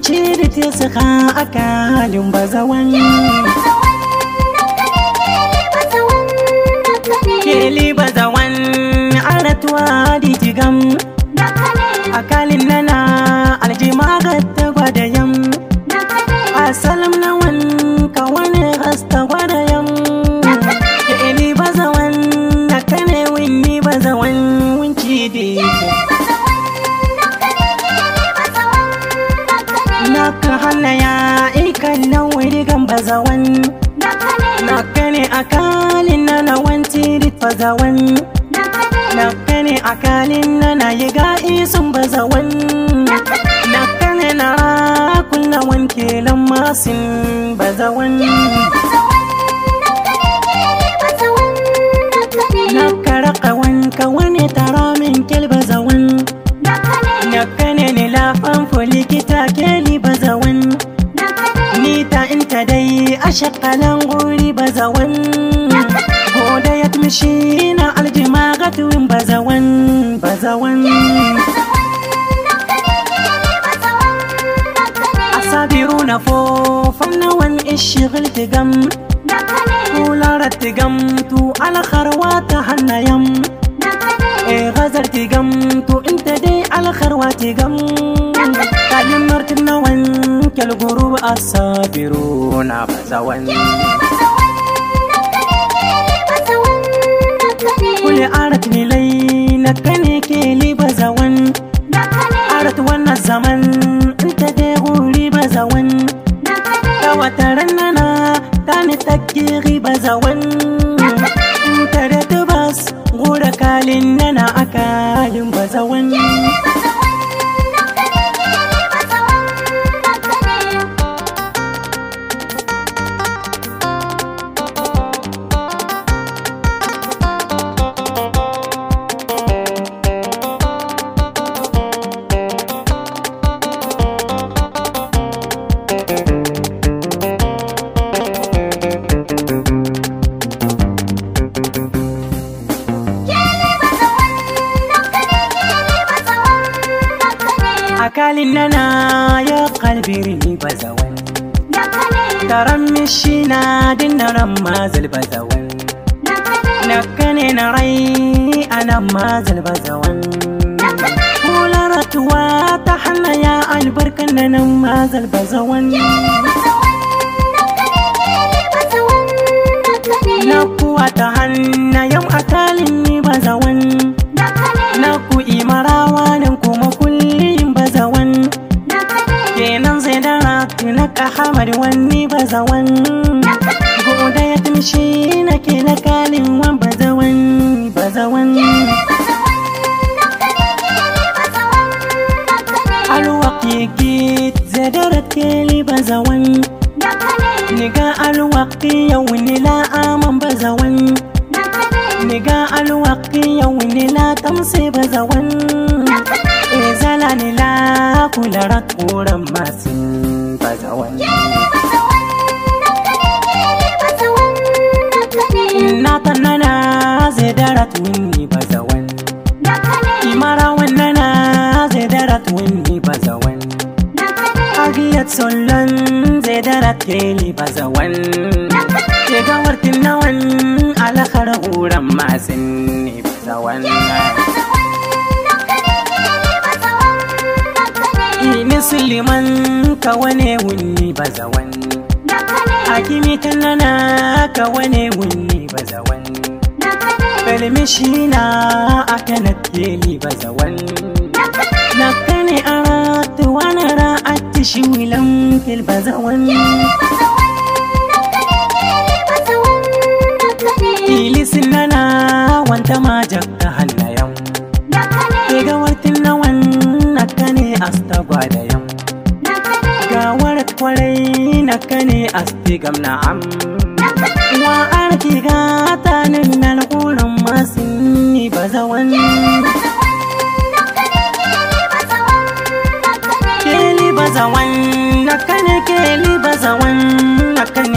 cire tisaka a kalin bazawan Kele bazawan, kele bazawan, kele bazawan, aratuwa digigam aka hana ya ikan nan wuri gamba zawan a akalin na na wanti rit bazawan nakane akalin na na yi ga'i sun bazawan nakane na rakun na wanke lamasin bazawan nakara wanka wanka a shakalan guri bazawan ko da ya tumshi na aljima ga tuwin bazawan bazawan asabiru na fo fannawan ishigil tigam kular tigam tu alkharwa ta hannayam e gazar tigam tu inta dai alkharwa tigam kalguru a sabiru na bazawan kuli arat nilai na kane ke li bazawan arat wannan zaman ta da huri bazawan ta wata ranana ta ni takiri bazawan ta da tubas gura kalin nana akalin bazawan akalin nana ya kalbiri bazawan taron mishina dinaran mazal bazawan nakka ne na rai anan mazal bazawan hular tuwa ta hana ya albarkan nanan mazal bazawan na kuwa ta hannayen akalin ni bazawan fushi nake na kalin wan bazawan bazawan alwakiki zadarar keli bazawan niga alwaki yau nila aman bazawan niga alwaki yau la tamse bazawan ezala nila kularat kuran masu bazawan Natan nana zai dara ni ba zawan. Imara wannana zai dara ni ba zawan. Agiyat solon zai dara ni ba zawan. Ke gawar ala alakar huran masin ni ba zawan. Suleiman ka wane wuni ba zawan. Hakimi tannana ka wane wuni. bazawan na aka nateli bazawan Nakane arat wana ra'at shiwilam til bazawan Ili nana wanta majak ta hannayan Ga wartin nawan nakane asta gwadayan Ga warat kwarai nakane asti gamna am wa arki ga tanin nalkuran masin? ni ba zawan keli ba zawan nakane keli ba zawan nakane